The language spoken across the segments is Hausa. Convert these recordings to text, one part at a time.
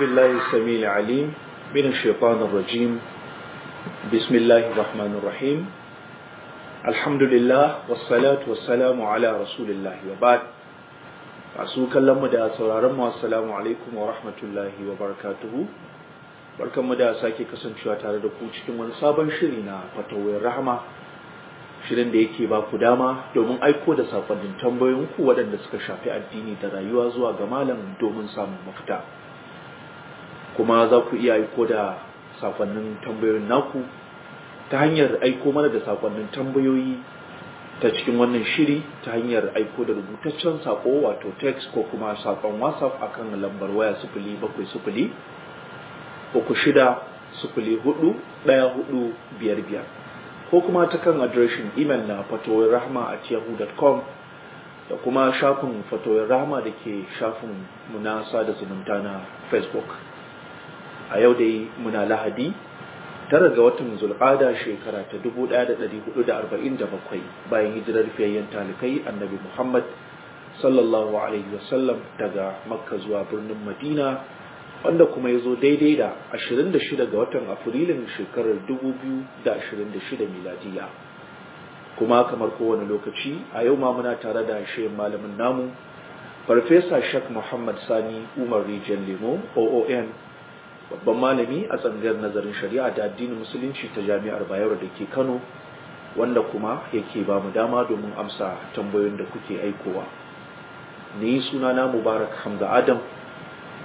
بالله السميع العليم من الشيطان الرجيم بسم الله الرحمن الرحيم الحمد لله والصلاة والسلام على رسول الله وبعد masu kallon mu da sauraron mu assalamu alaikum wa rahmatullahi wa barakatuhu barkan mu da sake kasancewa tare da ku cikin wani sabon shiri na fatawar rahama shirin da yake ba ku dama domin aiko da sakonnin tambayoyinku waɗanda suka shafi addini da rayuwa zuwa ga malam domin samun mafita kuma za ku iya aiko da sakonnin tambayoyin naku ta hanyar aiko mana da sakonnin tambayoyi ta cikin wannan shiri ta hanyar aiko da rubutaccen sako wato text ko kuma sakon whatsapp akan lambar waya sifili bakwai sifili uku shida sifili hudu ɗaya hudu biyar biyar ko kuma ta kan adireshin imel na fatowar rahama at yahoo.com da kuma shafin fatowar rahama da ke shafin munasa da zumunta na facebook a yau dai muna lahadi tara ga watan zulqada shekara ta 1447 bayan hijirar fiyayyen talikai annabi muhammad sallallahu alaihi wasallam daga makka zuwa birnin madina wanda kuma ya zo daidai da 26 ga watan afrilun shekarar 2026 miladiya kuma kamar kowane lokaci a yau ma muna tare da shayin malamin namu farfesa shak muhammad sani umar rijiyar lemo oon babban malami a tsangayar nazarin shari'a da addinin musulunci ta jami'ar bayero da ke kano wanda kuma yake ba mu dama domin amsa tambayoyin da kuke aikowa ni na mubarak hamza adam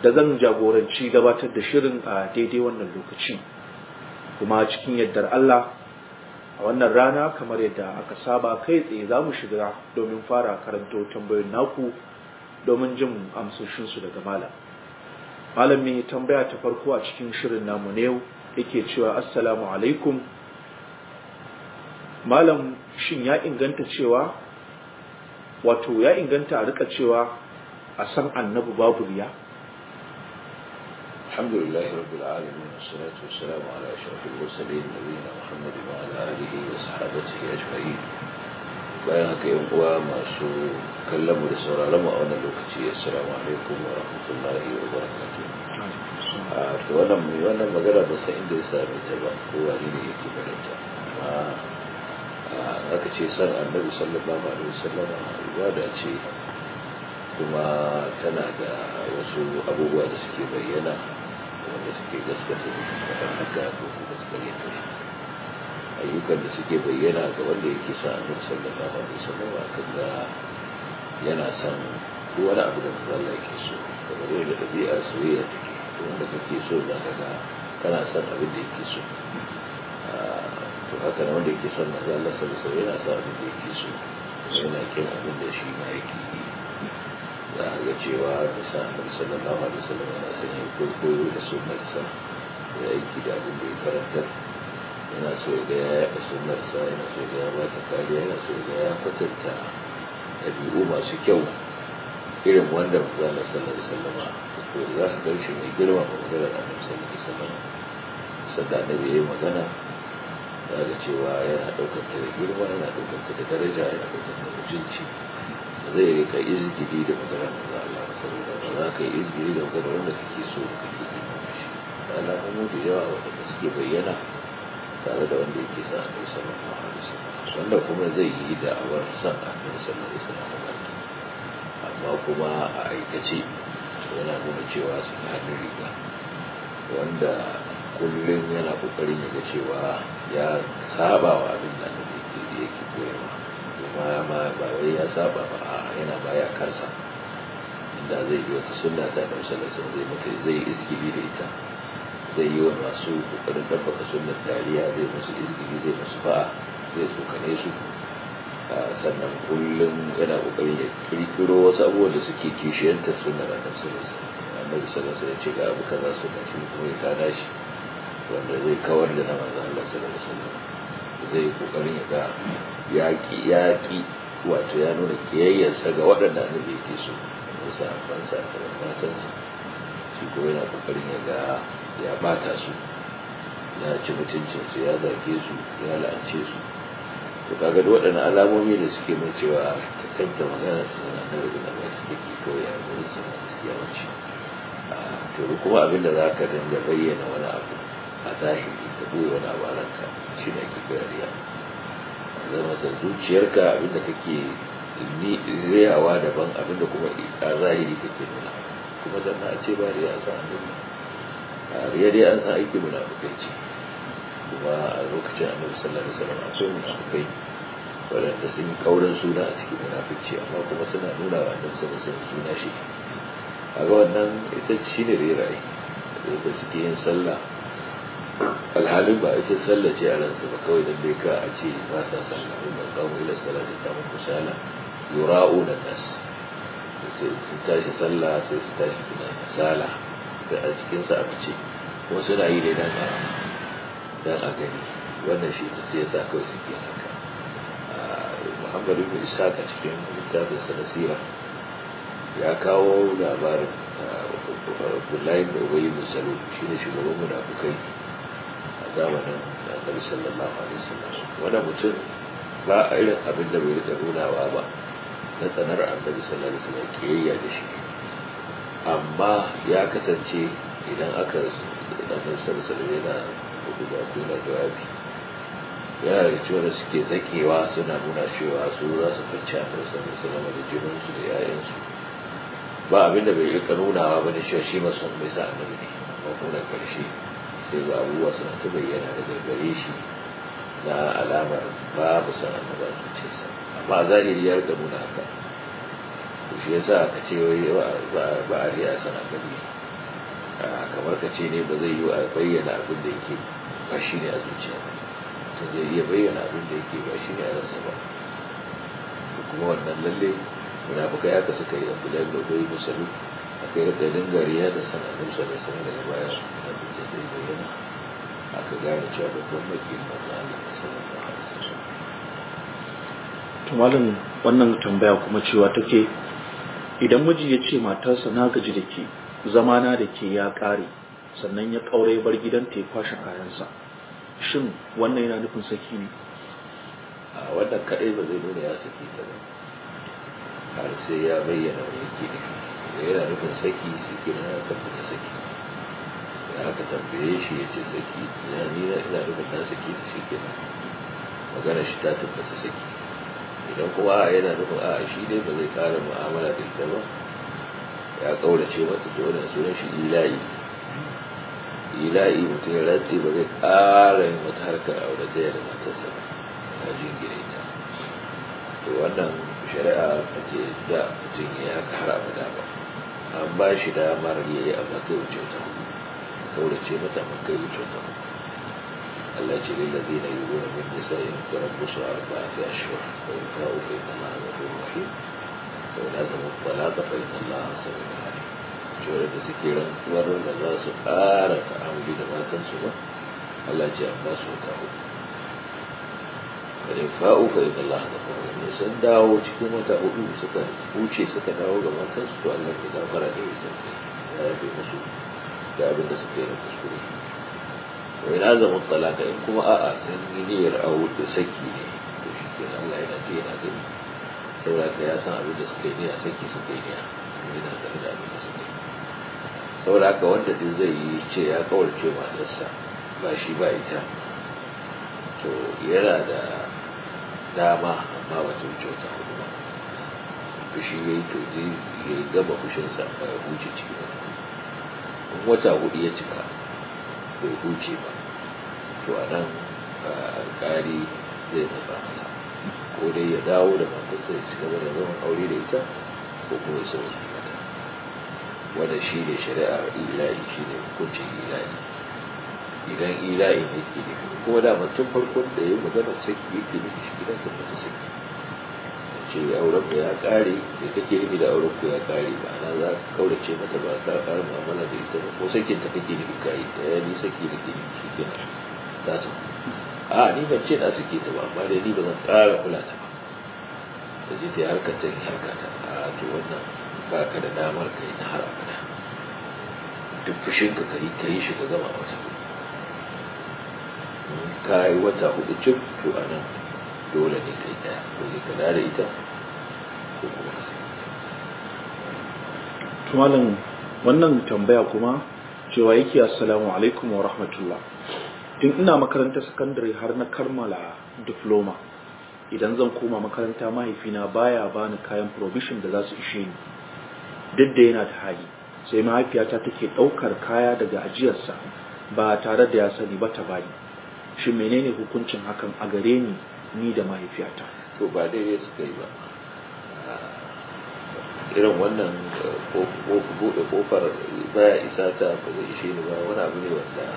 da zan jagoranci gabatar da shirin a daidai wannan lokaci kuma cikin yaddar allah a wannan rana kamar yadda aka saba kai tsaye za mu shiga domin fara karanto tambayoyin naku domin jin amsoshinsu daga malam malam mai tambaya ta farko a cikin shirin namu ne yake cewa assalamu alaikum malam shin ya inganta cewa wato ya inganta a rika cewa a san annabi babu riya alhamdulillah rabbil alamin wassalatu wassalamu ala والسلام mursalin nabiyina muhammadin wa ala alihi wa sahbihi ajma'in bayan haka yan uwa masu kallon mu da sauraron mu a wannan lokaci assalamu alaikum wa rahmatullahi wa barakatuh a ah, to wannan mai wannan magana ba san inda ya same ta ba ko wani ne yake ta amma ah, aka ce san annabi sallallahu alaihi wasallam ibada ce kuma tana da wasu abubuwa da suke bayyana wanda suke gaskata da haka ko gaskata ayyukan da suke bayyana ga wanda yake sa annabi sallallahu alaihi wasallam akan da yana son ko wani abu da manzo Allah yake so kamar yadda dabi'a soyayya take to wanda kake so za ka ga kana son abin da yake so ah, to haka na wanda yake son manzo Allah sallallahu alaihi wasallam yana son abin da yake so yana kin abin da shi ma yake za a ga cewa da sa annabi sallallahu alaihi wasallam yana son ya koyo da sunnarsa da aiki da abin da ya karantar yana so ya ga ya yaɗa sunnarsa yana so ya ga ya bata kariya yana so ya ga ya kwatanta ɗabi'u masu kyau irin wanda manzana sallallahu alaihi wasallam to za ka gan mai girma ba maganar annabi sallallahu alaihi wasallam sanda annabi yayi magana za ga cewa yana ɗaukar ta da girma yana ɗaukar ta da daraja yana ɗaukar ta da mutunci zai rika izgiri da maganar manzo Allah saboda ba za ka yi izgiri da maganar wanda kake so ka yi kake girma shi alamomi da yawa wanda suke bayyana tare da wanda yake sa a sallallahu alaihi wasallam wanda kuma zai yi da da'awar san annabi sallallahu na wasallam amma kuma a aikace yana nuna cewa sun hannun riga wanda kullum yana kokarin ya ga cewa ya saba wa abin da na da yake koyarwa kuma ma ba wai ya saba ba yana baya kansa inda zai yi wata sunna ta annabi da sun zai mata zai iskili da ita zai yi wa masu kokarin ɗabbaka sunan dariya zai musu izgiri zai musu fa'a zai tsokane su sannan kullum yana kokarin ya kirkiro wasu abubuwan da suke kishiyantar sunan annabi sallallahu alaihi wasallam annabi ya ce ga abu kaza sunan shi kuma ya kada shi wanda zai kawar da na za Allah sallallahu alaihi wasallam zai kokarin ya ga yaƙi yaƙi wato ya nuna kiyayyarsa ga waɗanda annabi yake so musa fansa da matansa su ko yana kokarin ya ga ya bata su ya ci mutuncin su, ya zage su ya la'ance su to kaga da waɗannan alamomi da suke mai cewa kanta magana su na da rubu da mai suke ke kawai a su na gaskiya wace to kuma abin da za ka dinga bayyana wani abu a zahiri ka buɗe wani abu shi ne ake kira zama da zuciyarka abin da kake riyawa daban abinda da kuma a zahiri kake nuna kuma zanna a ce ba riya san annabi a riya dai an san aiki munafukai ce kuma a lokacin annabi sallallahu alaihi wasallam akwai so munafukai Wadanda sun yi kauran suna a cikin munafici amma kuma suna nuna wa annabi sallallahu alaihi wasallam suna shi a ga wannan ita shi ne reraye da suke yin sallah alhalin ba ita sallah ce a ransu ba kawai don bai ka a ce ba sa sallah ba kawai da sallah ta mu kusala yura'u nas sai su tashi sallah sai su tashi suna sala da a cikinsa aka ce wasu na yi da dan a dan aka gani wannan shi ta sai sa kawai suke haka muhammadu bin ishaq a cikin littafin sa nasira ya kawo labarin abdullahi da bin Salul shi ne shugaban munafukai a zamanin annabi sallallahu alaihi wasallam wannan mutum ba a irin abin da bai rika nunawa ba na tsanar annabi sallallahu alaihi wasallam kiyayya da shi amma ya kasance idan aka idan annabi sallallahu alaihi yana hudu da ku jawabi yana da cewa da suke zakewa suna nuna cewa su za su kwanci annabi sallallahu alaihi wasallam da jinin su da yayin ba abin da bai rika nunawa ba na cewa shi masu mai sa annabi ne amma kuma karshe sai ga abubuwa suna ta bayyana daga gare shi na alamar babu san su ce ba zahiri ya da muna haka shi yasa ka ce wai ba a riya sana gani kamar ka ce ne ba zai yi a bayyana abin da yake ba shi ne a zuciya ba ta zai iya bayyana abin da yake ba shi ne a rasa ba kuma wannan lalle munafukai haka suka yi abdullahi da bai musalu a kai da dangariya da sana musa da sana daga baya abin da zai bayyana aka gane cewa babban makin manzo Allah malam wannan tambaya kuma cewa take idan miji ya ce matarsa na gaji da ke zamana da ke ya ƙare sannan ya ƙaure bar gidan ta ya kwashe kayansa shin wannan yana nufin saki ne a wannan kaɗai ba zai nuna ya saki ta ba har sai ya bayyana wani yake da yana nufin saki saki na tabbata saki da aka tambaye shi ya ce saki ya nuna ya ina nufin na saki da shi kenan magana shi ta tabbata saki idan kuma a yana nufin a shi dai ba zai kare mu'amala da ita ba ya kaurace mata to wannan sunan shi ila'i ila'i mutum ya rantsi ba zai kara yin wata harkar aure da yadda matarsa ba ta jingire ta to wannan shari'a ba ce da mutum ya kara a abada ba an ba shi damar ya yi amma kai wuce ta kaurace mata amma kai wuce ta التي للذين يؤمنون نسائهم تربص أربعة أشهر فإن فاءوا فإن الله غفور رحيم وإن عزموا الطلاق فإن الله سميع عليم جورة تسكي ورد الله سبحانه تعامل ما تنسوا الله جاء الناس وكاهم فإن فاؤوا فإن الله غفور رحيم سنداو تكون تهدو سكا وشي سكا داو لما تنسوا الله إذا فرأي سكا في مصر da abin da suka in eh, azumin talata in kuma a'a sun yi niyyar awo saki ne to shi ke Allah yana ce yana gani saboda ka ya san abin da suka yi niyya saki suka yi niyya yana gani da abin da suka yi saboda haka wanda zai yi ce ya kawarce matarsa ba shi ba ita to yana da dama amma ba ta wuce wata hudu ba fushi to zai gaba fushinsa ba ya huce ciki ba wata hudu ya cika bai goce ba to a nan alkari zai matsa masa ko dai ya dawo da matarsa ya ci gaba da zaman aure da ita ko kuma ya sauya mata wanda shi ne shari'a ila'i shi ne hukuncin ila'i idan ila'i ne ke nufi kuma da tun farkon da ya magana sai yake nufi shi gidan sun mutu saki ce auren ya kare da kake nufi da auren ku ya kare ma'ana za ka kaurace mata ba ka ƙara mu'amala da ita ba ko sakin ta kake nufi ka yi ta yani saki da ke nufi na? ta su a ni ban ce na suke ta ba amma dai ni ba zan ƙara kula ta ba ta ji ta yi harkar ta yi harkar ta a to wannan ba ka da damar ka yi na har abada duk fushin ka yi ka yi shi ka gama wata ka yi wata hudu cif to a nan dole ne kai daya ko ne ka da ita ko kuma ka sake to wannan tambaya kuma cewa yake assalamu alaikum wa rahmatullah tun ina makarantar sakandare har na kammala diploma idan zan koma makaranta mahaifina baya bani kayan provision da za su ishe ni duk da yana ta hali sai mahaifiyata take ɗaukar kaya daga ajiyarsa ba tare da ya sani ba ta bani shi menene hukuncin hakan a gare ni ni da mahaifiyata to ba daidai suka yi ba irin wannan buɗe kofar baya isa ta ba zai ishe ni ba wani abu ne wanda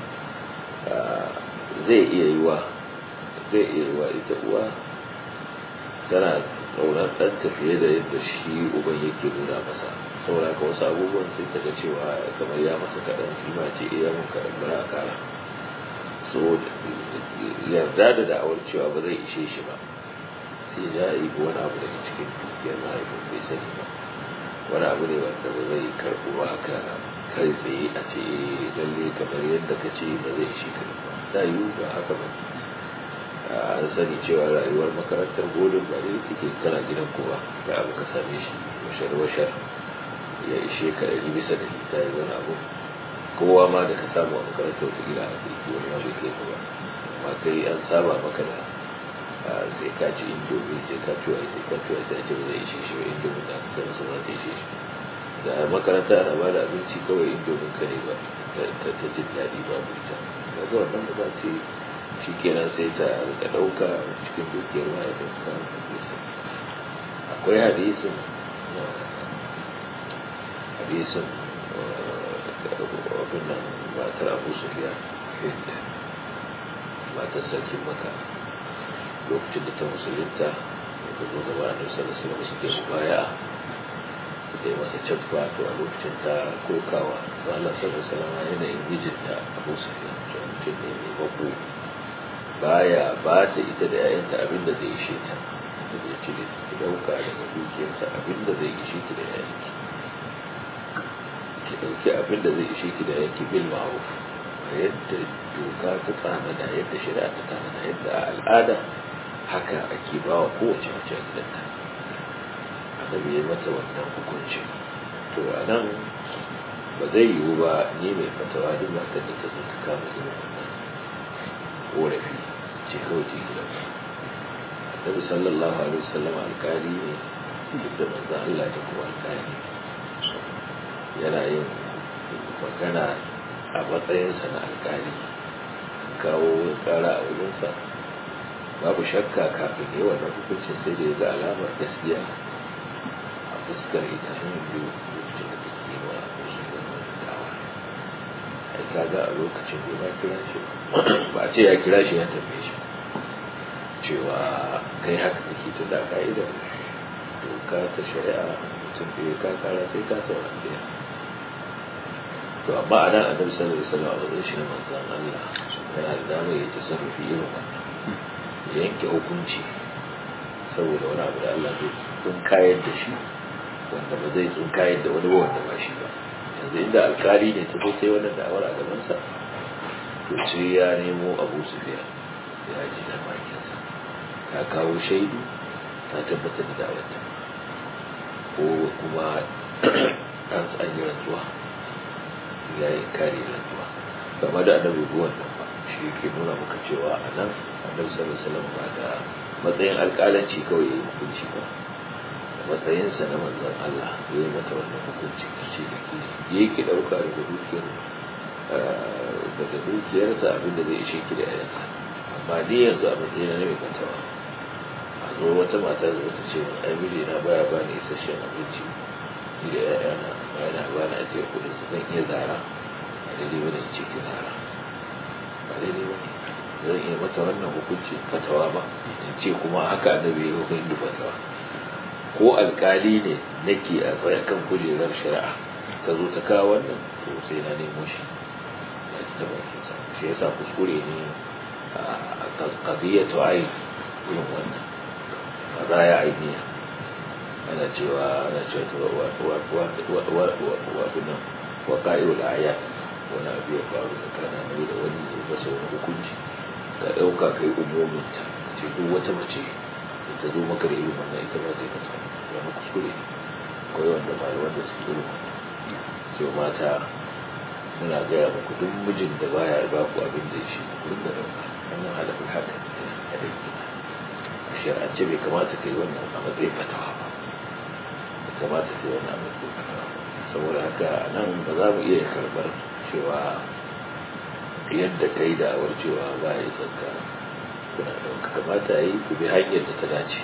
zai iya wa zai iya yiwa ita uwa tana ƙaunar ɗanta fiye da yadda shi uban yake nuna masa saboda ka wasu abubuwan sai ta ga cewa kamar ya masa kaɗan shi ma ce iya eh, mun kaɗan bara a ƙara saboda yarda da da'awar cewa ba zai ishe shi ba sai ya ibi wani abu daga cikin dukiyar mahaifin bai sani ba wani abu ne wanda ba zai karɓo ba haka kai tsaye a ce eh, lalle kamar yadda ka ce ba zai ishe ka ba ta yiwu ba haka ba an sani cewa rayuwar makarantar godin ba dai take kana gidan kowa da abu ka same shi washar washar ya ishe ka yi bisa da ta yi wani abu kowa ma da ka samu a makarantar wata gida a kirki wani ma bai kai ba amma kai an saba maka da sai ka ci indomi sai ka ci wai sai ka ci wai sai ce ba zai ishe shi ba indomi da aka kai masa ba ishe shi da makaranta ana ba da abinci kawai indomin ka ne ba ta jin daɗi ba mu ita ga zuwa nan ba ce shi kenan sai ta rika ɗauka cikin dukiyar ma'aikata akwai hadisin hadisin abu abin nan matar abu sufiya matar sarkin maka lokacin da ta musulunta da zo gaba a nusar da suna suke su baya da ya masa cabba to a lokacin ta kokawa ba Allah sallallahu alaihi yanayin mijinta abu sufiya to mutum ne mai bako baya ba ta ita da yayanta abin da zai ishe ta da zai cire ta ɗauka daga dukiyarsa abin da zai ishe ta da yayanki كأبن الذي شيء كده يأتي بالمعروف يد دوكا تتعامل على يد شراء تتعامل على يد الآلة حكى أكيبا وقوة جمجا كده هذا بيما تودنا وكل شيء تو أنا بدأي هو نيمي فتوالي ما كان يتزل تكامل من هنا أولا في تهوتي إلى النبي صلى الله عليه وسلم على الكاريين عندما ظهر الله تكوى الكاريين yana yin magana a matsayinsa na alkali kawo kara a wurinsa babu shakka kafin yi wannan hukuncin sai da ya ga alamar gaskiya a fuskar ita biyu lokacin da take wa musulman dawa ai ka ga a lokacin da ba kira shi ba a ce ya kira shi ya tafi shi cewa kai haka kake tun da ka'idar doka ta shari'a mutum bai ka kara sai ka saurare to amma a nan annabi sallallahu alaihi wasallam a matsayin shi na manzon Allah yana da damar ya tasarrufi irin wannan ya yanke hukunci saboda wani abu da Allah zai tsunkayar da shi wanda ba zai tsunkayar da wani wanda ba shi ba yanzu inda alkali ne ta zo ta yi wannan da'awar a gabansa to sai ya nemo abu sufiya ya ji da bakinsa ta kawo shaidu ta tabbatar da da'awarta ko kuma an yi rantsuwa ya yi kare rantsuwa game da annabi nan ba shi ke nuna maka cewa a nan annabi sallallahu alaihi ba da matsayin alƙalanci kawai ya yi hukunci ba matsayinsa na manzon Allah ya yi mata wannan hukunci ce da ke yake ɗauka daga dukiyar eh, daga dukiyarsa abin da zai ishe ki da yayansa amma ni yanzu a matsayin na mai kantawa a zo wata mata zuwa ta ce ai miji na baya bani isasshen abinci ni da yayana ba na ajiye kuɗin su zan iya zara ba daidai wani ce ki zara ba daidai ne zan iya mata wannan hukuncin fatawa ba in ce kuma haka da bai hukuncin fatawa ko alkali ne nake a tsaye kan kujerar shari'a ka zo ta kawo wannan to sai na nemo shi ya ci ta bakinsa shi ya sa kuskure ne a kadiyatu ayi irin wannan Ba za a yi ainiya ana cewa ana cewa to wa wa wa wa wa wa wa tsakanin wa da wani wa wa wa hukunci ka ɗauka kai wa wa wa wa wata mace wa wa zo maka wa wa wa ita ba ta yi wa wa kuskure akwai wanda wa wanda wa wa wa mata muna gaya muku duk mijin da baya ba ku abin da shi kun da wannan halafin haka a ce bai kamata kai wannan a matsayin fatawa ba kamata su wannan abu saboda haka nan ba za mu iya karbar cewa yadda kai yi da'awar cewa ba ya tsakka kuna ɗauka kamata yi ku bi hanyar da ta dace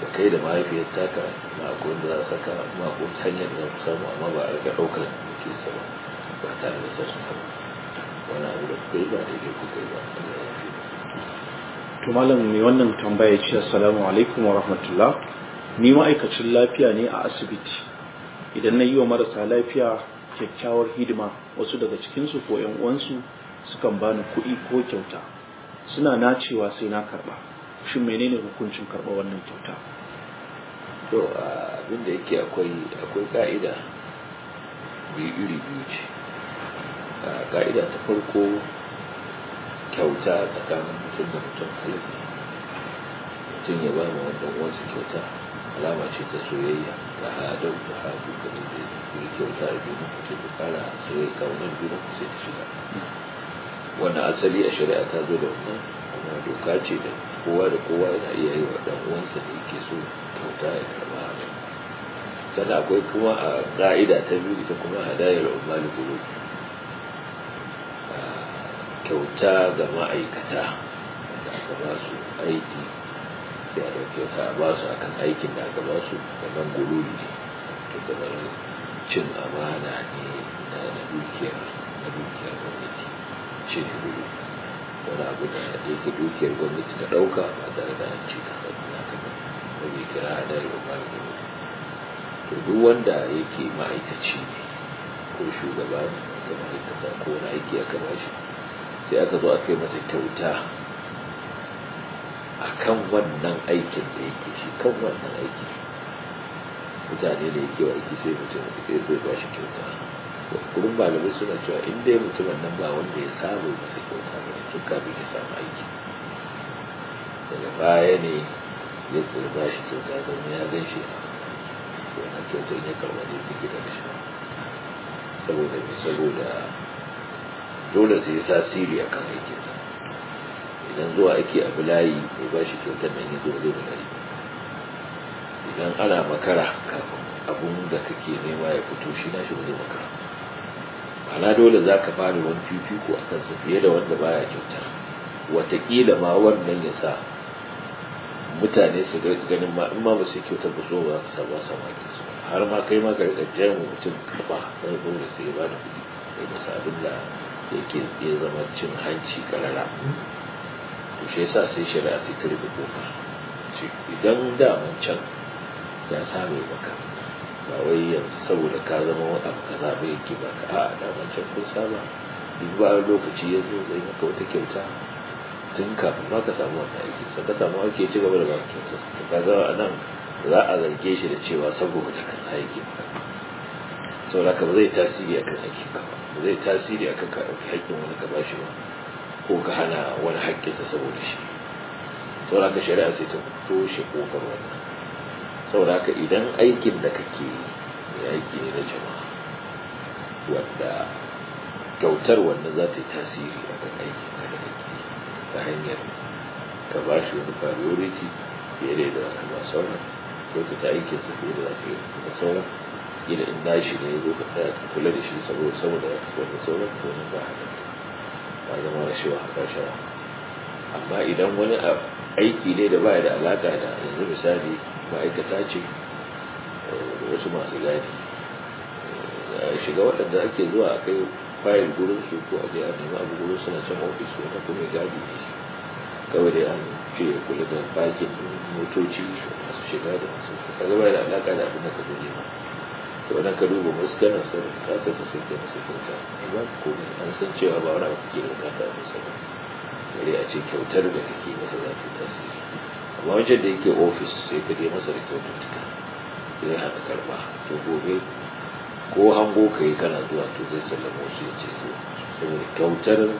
da kai da mahaifiyar taka na akwai da za saka ma hanyar da ku samu amma ba a rika ɗaukar ke sama ba tare da su sama wani abu da kuka yi ba daidai ku kai ba Allah to mai wannan tambaya ce assalamu alaikum wa rahmatullah ni ma'aikacin lafiya ne a asibiti idan na yi wa marasa lafiya kyakkyawar hidima wasu daga cikinsu ko 'yan uwansu sukan bani kuɗi ko kyauta suna nacewa sai na karɓa shin menene hukuncin karɓa wannan kyauta to abin da yake akwai akwai ka'ida biyu iri biyu ce ka'ida ta farko kyauta tsakanin mutum da mutum halin mutum ya ba ma wanda wasu kyauta alama ce ta soyayya ta hadau da hadu da ne da kuri kyauta a junan ku sai ku sai ka wannan biyu ku sai ta shiga wannan asali a shari'a ta zo da wannan kuma doka ce da kowa da kowa yana iya yi wa dan uwansa da yake so kyauta ya karba haka sannan akwai kuma a ka'ida ta biyu ita kuma hadayar umarni gulu kyauta ga ma'aikata da aka ba su aiki sai a ɗauke sa ba su akan aikin da aka ba su wannan gululi ne to kamar cin amana ne na dukiyar na dukiyar gwamnati shi ne gululi wani abu da yake dukiyar gwamnati ta ɗauka ba tare da an ce kasa na kasa ba bai kira da yau ba ne to duk wanda yake ma'aikaci ne ko shugaba ne kamar yadda ko wani aiki aka ba shi sai aka zo aka yi masa kyauta a kan wannan aikin da yake shi kan wannan aikin mutane da yake wa sai mutum ya zai ba shi kyauta kullum malamai suna cewa in dai mutumin nan ba wanda ya samu masa kyauta ba tun kafin ya samu aiki daga baya ne ya ba shi kyauta don ya gan shi wannan kyautar ya karba ne ta gidan shi saboda saboda dole sai a akan aikinsa Idan zuwa ake abu layi mai ba shi kyautar nan yanzu ba zai ba layi idan ana makara kafin abun da kake nema ya fito shi na shi ba zai makara ana dole za ka fara wani fifiko a kansa fiye da wanda baya kyautar watakila ma wannan ya sa mutane su ga ganin ma in ma ba su kyautar ba so ba su samu su har ma kai ma gargajiyar mu mutum karɓa sai ko da sai ba da kuɗi kai masa abin da yake zama cin hanci karara to shi yasa sai shari'a ta tare da kofa idan da wancan ya same maka ba wai yanzu saboda ka zama wani ka zaɓe yake ba ka a da wancan kun saba duk ba lokaci ya zo zai maka wata kyauta tun kafin ma ka samu wannan aiki sa ka samu aiki ya ci gaba da ba kyauta to ka zama a nan za a zarge shi da cewa saboda kaza yake ba saboda ka ba zai tasiri akan aikin ka ba zai tasiri akan ka ɗauki haƙƙin wani ka shi ba ko ka hana wani haƙƙinsa saboda shi saboda ka shari'a sai ta toshe ƙofar wannan saboda haka idan aikin da kake yi aiki ne na jama'a wanda kyautar wannan za ta yi tasiri a kan aikin ka da kake ta hanyar ka ba shi wani priority fiye da yadda za ka ba sauran kyautata aikinsa fiye da za ka yi da sauran ila in nashi ne ya zo ka tsaya ka kula da shi saboda saboda wanda sauran to ba haka ba zama na cewa haka shara amma idan wani aiki ne da baya da alaka da yanzu misali ma'aikata ce eh, wasu masu gadi eh, shiga waɗanda ake zuwa a kai fayil gurin su ko a je a abu gurin suna can ofis na kuma gadi ne kawai da an ce kula da bakin motoci masu shiga da masu shiga da alaka da abin da ka zo nema to nan ka duba muskanin sun ka sai ka sai kai musu kyauta ba ku an san cewa ba wani kake da bukata a musu ba bare a ce kyautar da kake masa za ta tasiri amma wajen da yake ofis sai ka je masa da kyaututtuka zai hana karba to gobe ko hango ka yi kana zuwa to zai sallama wasu ya ce zo saboda kyautar da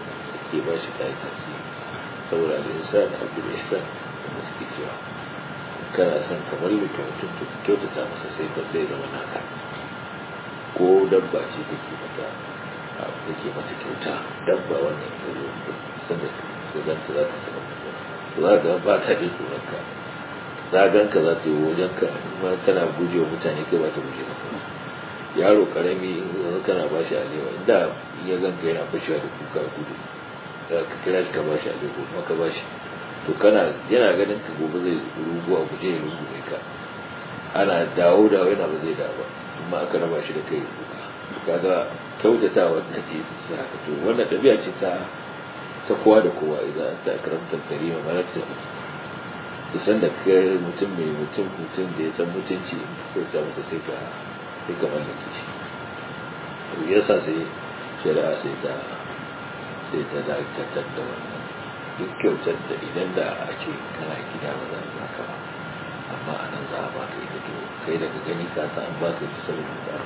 ke ba shi ta tasiri saboda al'insan abdul ihsan da suke cewa kana son kamar mutum kyautata masa sai ka sai zama naka ko dabba ce take mata take mata kyauta dabba wannan ta ko sanda ta za ta sanar za ga ba ta jin tsoron za gan ka za ta yi wajen ka amma kana guje wa mutane kai ba ta guje maka yaro karami yanzu kana ba shi alewa inda ya ka yana fashewa da kuka gudu ka kira shi ka ba shi alewa kuma ka ba shi to kana yana ganin ka gobe zai rubuwa a guje ya rubu mai ka ana dawo dawo yana ba zai dawo ba amma aka raba shi da kai kaga kyautata wannan ce sa haka to wannan tabi'a ce ta ta kowa da kowa idan ta karanta karima ma ta san da kai mutum mai mutum mutum da ya san mutunci ko ta masa sai ka sai ka mallake shi sa sai shari'a sai ta sai ta dakatar da wannan duk kyautar da idan da ake kana gida ba za ka ba amma a nan za a ba ka yi to kai daga gani ka sa an ba ka ita saboda ka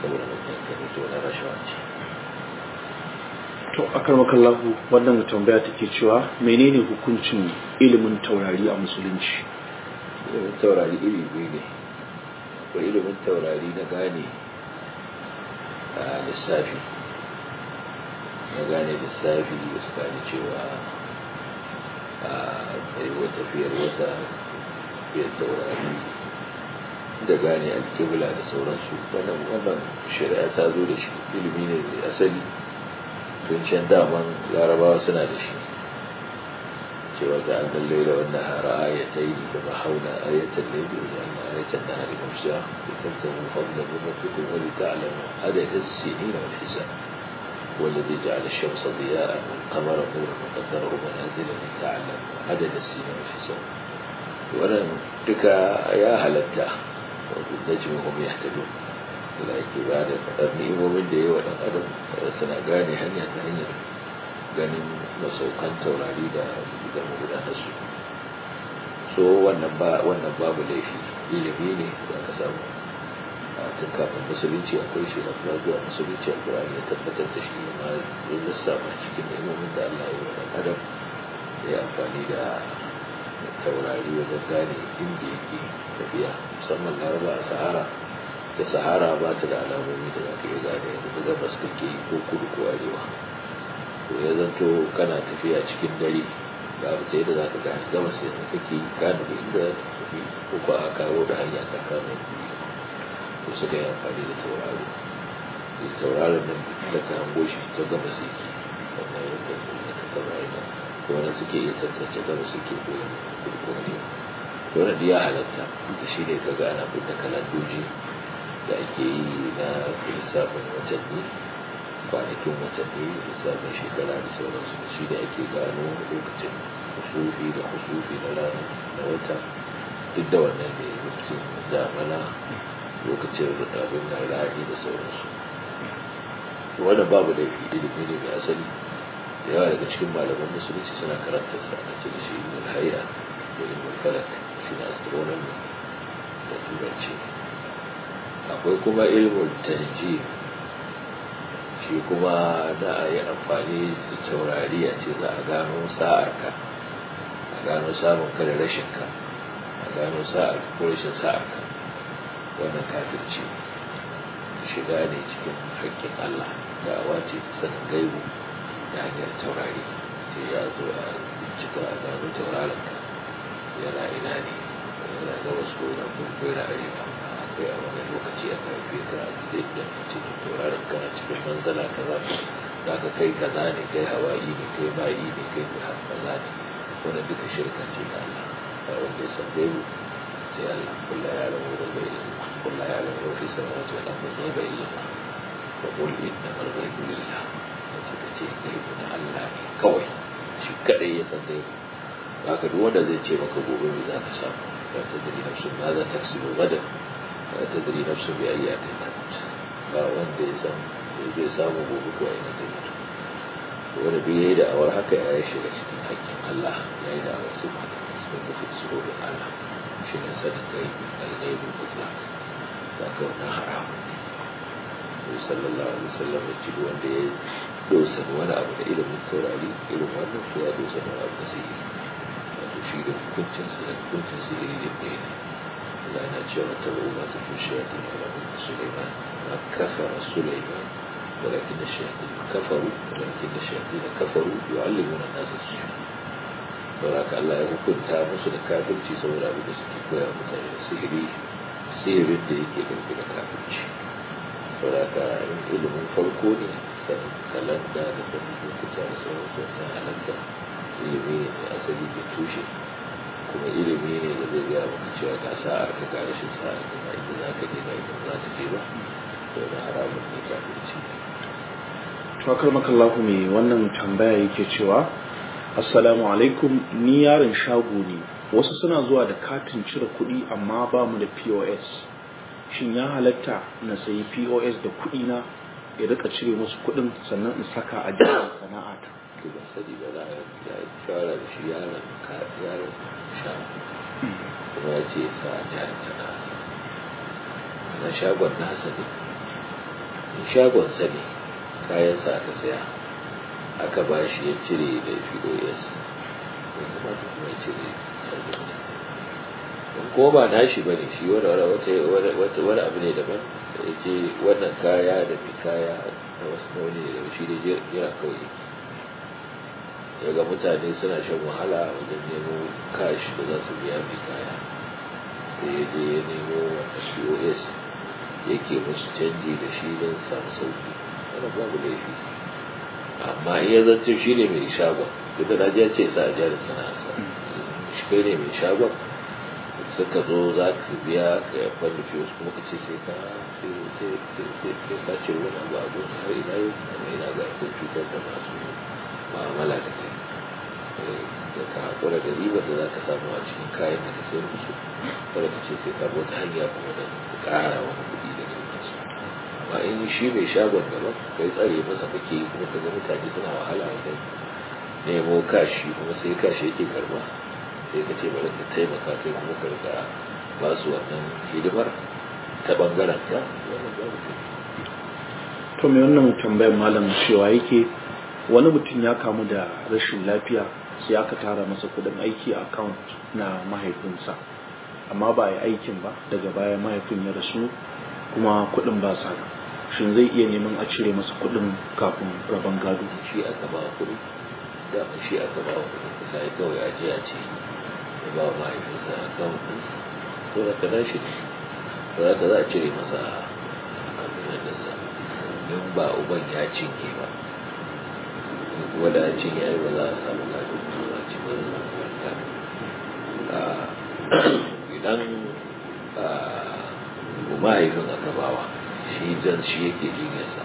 saboda matsayin ka ne to na rashawa ce to akar makallahu wannan da tambaya take cewa menene hukuncin ilimin taurari a musulunci ilimin eh, taurari iri biyu ne akwai ilimin taurari na gane a lissafi na gane lissafi da gane cewa a tafiyar wata دباني القبلة لصورة شوف أنا أنا شرعة هذول إيش بالمين الأصلي فين شن دامن يا رب أسنا ليش شو قال الليل والنهار آيتين فمحونا آية الليل وجعلنا آية النهار مجزاة لتبتغوا فضلا من ربكم ولتعلموا عدد السنين والحساب والذي جعل الشمس ضياء والقمر نورا وقدره منازلا لتعلموا عدد السنين والحساب wannan duka ya halatta wajen najmi hum yahtadun Allah yake ba da ni'imomin da yawa ɗan adam suna gane hanya ta hanyar ganin masaukan taurari da da magudanar su so wannan babu laifi ilimi ne da ka samu tun kafin musulunci akwai shi da kuma zuwa musulunci a kurani ya tabbatar da shi ma ya lissafa cikin ni'imomin da Allah ya yi wa adam ya amfani da taurari wajen gane inda yake tafiya musamman laraba a sahara da sahara ba ta da alamomi da za ka yi gane yanzu ta gabas yi ko kudu ko arewa to ya zanto kana tafiya cikin dare babu ta yadda za ka gane gabas yanzu kake, gane da inda tafi ko ko a kawo da hanya ta kama to suka yi amfani da tauraro eh, da tauraron nan ta hango shi ta gabas yake wannan da ta taurari yana ko suke iya tantance gaba suke koyon kurkuri dole da ya halatta da shi ne kaga ana fita kalandoji da ake yi na lissafin watanni kwanakin watanni lissafin shekara da sauransu da shi da ake gano lokacin kusurfi da kusurfi na ranar na wata duk da wannan ne lokacin damana lokacin abin na rani da sauransu wannan babu da ilimin ne mai asali da yawa daga cikin malaman musulunci suna karanta sa a cikin shi ibn haya da ibn falak shi na astronomy da turanci akwai kuma ilmul tarji shi kuma za a yi amfani da taurari a ce za a gano sa'arka a gano samun ka da rashin ka a gano sa'arka ko rashin sa'arka wannan kafirci shiga ne cikin haƙƙin Allah da ta sanin gaibu ta hanyar taurari sai ya zo a bincika a gano tauraron ka yana ina ne yana gabas ko yana kurko yana arewa akwai a wani lokaci a karfe ka a zai da cikin tauraron ka a cikin manzala ka za ka kai ka za ne kai hawa'i ne kai bayi ne kai ka za ne wani duka shirka ce ta Allah ba wanda ya san mu sai Allah kulla ya rabu da bai kulla ya rabu da fi sama wata wata kulla bai yi ba wa kulli da marmai kulli na Allah ne kawai shi kadai ya san dai ba ka duk wanda zai ce maka gobe me za ka samu ba ta dari nafsun ma za ta siyo gada ba ta dari nafsun bi ayya ta tamut ba wanda ya san zai samu gobe ko ina zai mutu wanda duk yayi da awar haka ya yi shiga cikin hakkin Allah ya yi da awar sun haka sun tafi tsoro da Allah shi ne sanin gaibi al-gaibi mutlaq ba ka wannan haramun ne sallallahu alaihi wasallam ya ci wanda ya yi. dosan wani abu da ilimin taurari irin wannan to ya dosa wani abu da sihiri wato shi da hukuncin sa da hukuncin sihiri da ɗaya ne Allah na cewa ta ba'una ta fi shayatin ala mulki Sulaiman ma kafara Sulaiman ولكن الشياطين كفروا ولكن الشياطين كفروا يعلمون الناس السحر ولك الله يكون تامس الكافر في سورة أبو بسكي كويا مثلا سهري سهر الدين يكون في الكافر ولك علم فرقوني kalanda da kwamfuta da sauransu wannan halatta ilimi ne mai asali mai tushe kuma ilimi ne da zai gaya maka cewa sa sa'ar ka ga rashin sa'ar ka ga inda za ka je ga inda za ka je ba domin haramun ne kafirci Fakar makallahu mai wannan tambaya yake cewa Assalamu alaikum ni yaron shago ne wasu suna zuwa da katin cire kuɗi amma ba mu da POS shin ya halatta na sayi POS da kuɗi na ya rika cire musu kuɗin sannan in saka a jikin sana'a ta sani in shagon kayan sa aka saya aka ba shi ya cire da pos ya kamata kuma ya cire ko ba shi ba ne shi wani wani abu ne daban da ya ce wannan kaya da fi kaya na wasu nauni ne da shi da jira kawai ya ga mutane suna shan wahala wajen nemo kashi da za su biya fi kaya sai ya je ya nemo pos yake musu canji da shi don samu sauki wani babu laifi amma iya zancin shi ne mai shagon duk da na ce sa a jarin sana'arsa mm. shi ne mai shagon suka zo za ka biya ka yi da fiye kuma ka ce sai ka sai ka ce wani abu a gudu har ina yau kuma ina ga ko cutar da masu ma'amala da kai eh, da ka haƙura da ribar da za ka samu a cikin kayan da ka sayar musu kada ka ce sai ka bi wata hanya kuma da ka ƙara wani kuɗi daga masu amma in shi mai shagon gaba kai tsare masa kake kuma ka ga mutane suna wahala a kai nemo kashi kuma sai kashi yake karba sai ka ce bari ka taimaka kai kuma ka ba su wannan hidimar ta bangaren ka to me wannan tambayar malam cewa yake wani mutum ya kamu da rashin lafiya sai aka tara masa kudin aiki a account na mahaifinsa amma ba ya aikin ba daga baya mahaifin ya rasu kuma kudin ba sa shin zai iya neman a cire masa kudin kafin rabon gado shi aka ba kudi da shi aka ba kudi sai kawai a a ce ya ba wa mahaifinsa akawun ɗinsa to da ka dashi ba za ka za a cire masa akawun sa in ba uban ya cinye ba wanda da cinye ai ba za a samu gado ba a ci ba za a samu gado idan mahaifin aka bawa shi jan shi yake jinyarsa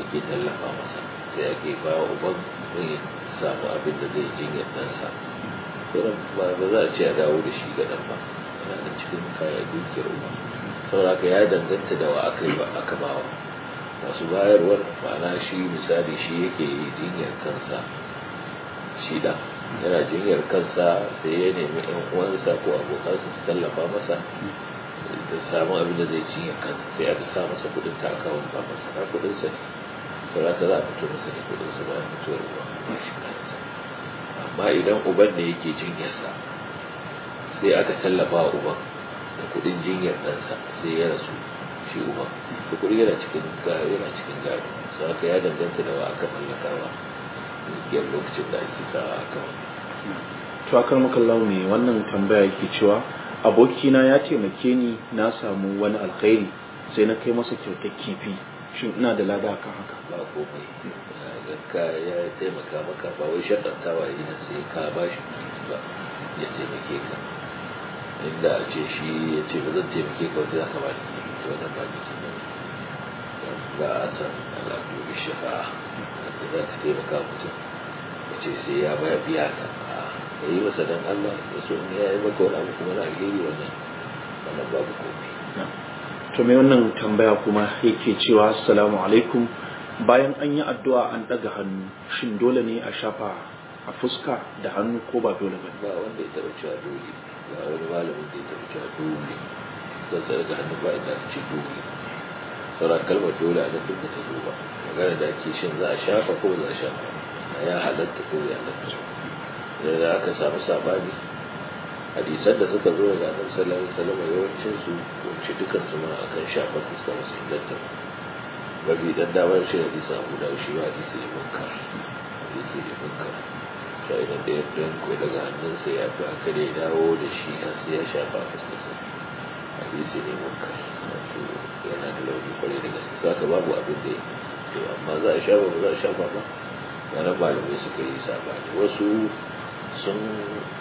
yake tallafa masa sai ake bawa uban zai samu abin da zai jinya dan sa. irin ba za a ce a dawo da shi ga dan ba yana da cikin kaya dukiyar umma saboda ya danganta da wa aka yi ba aka wa masu bayarwar ma'ana shi misali shi yake yi jinyar kansa shi da yana jinyar kansa sai ya nemi yan uwansa ko abokansa su tallafa masa da samun abin da zai jinyar kansa sai aka sa masa kudin ta akawun ba masa na kudin sa ne saboda za a fito masa da kudin sa bayan mutuwar ruwa amma idan uban ne yake jinyarsa sai aka tallafa wa uban da kudin jinyar ɗansa sai ya rasu shi uban da kudi yana cikin yana cikin gari sai aka ya danganta da wa aka wa dukiyar lokacin da ake sawa aka to akar muka launi wannan tambaya yake cewa abokina ya taimake ni na samu wani alkhairi sai na kai masa kyautar kifi shin ina da lada kan haka ba komai zakka ya taimaka maka ba wai shaɗantawa ya na sai ka ba shi ba ya taimake ka inda a ce shi ya ce ba zan taimake ka wata zaka ba ni to wannan ba ni ke ba a san al'adu bi shafa'a da za ka taimaka mutum ya ce sai ya baya biya ka ya yi masa dan Allah ya so in ya yi maka wani abu kuma na alheri wannan wannan babu komai to mai wannan tambaya kuma yake cewa assalamu alaikum bayan an yi addu'a an daga hannu shin dole ne a shafa a fuska da hannu ko ba dole ba ba wanda ya taɓa cewa dole ba wani malamin da ya taɓa cewa dole zan tsara da hannu ba inda ta ce dole sauran kalmar dole a nan duk ta zo ba magana da ake shin za a shafa ko za a shafa ya halatta ko ya halatta da aka samu sabani hadisan da suka zo daga annabi sallallahu alaihi wasallam yawancin su yawanci dukan su ma akan shafar fuska masu inganta mafi dan daman shi hadisa abu da shi ba hadisi ne munkar hadisi ne munkar Ta idan da ya danko daga hannunsa ya fi aka ne dawo da shi har sai ya shafa fuskarsa hadisi ne munkar wato yana da launi kwarai da gaske saka babu abin da ya to amma za a shafa ba za a shafa ba ranar malamai suka yi sabani wasu sun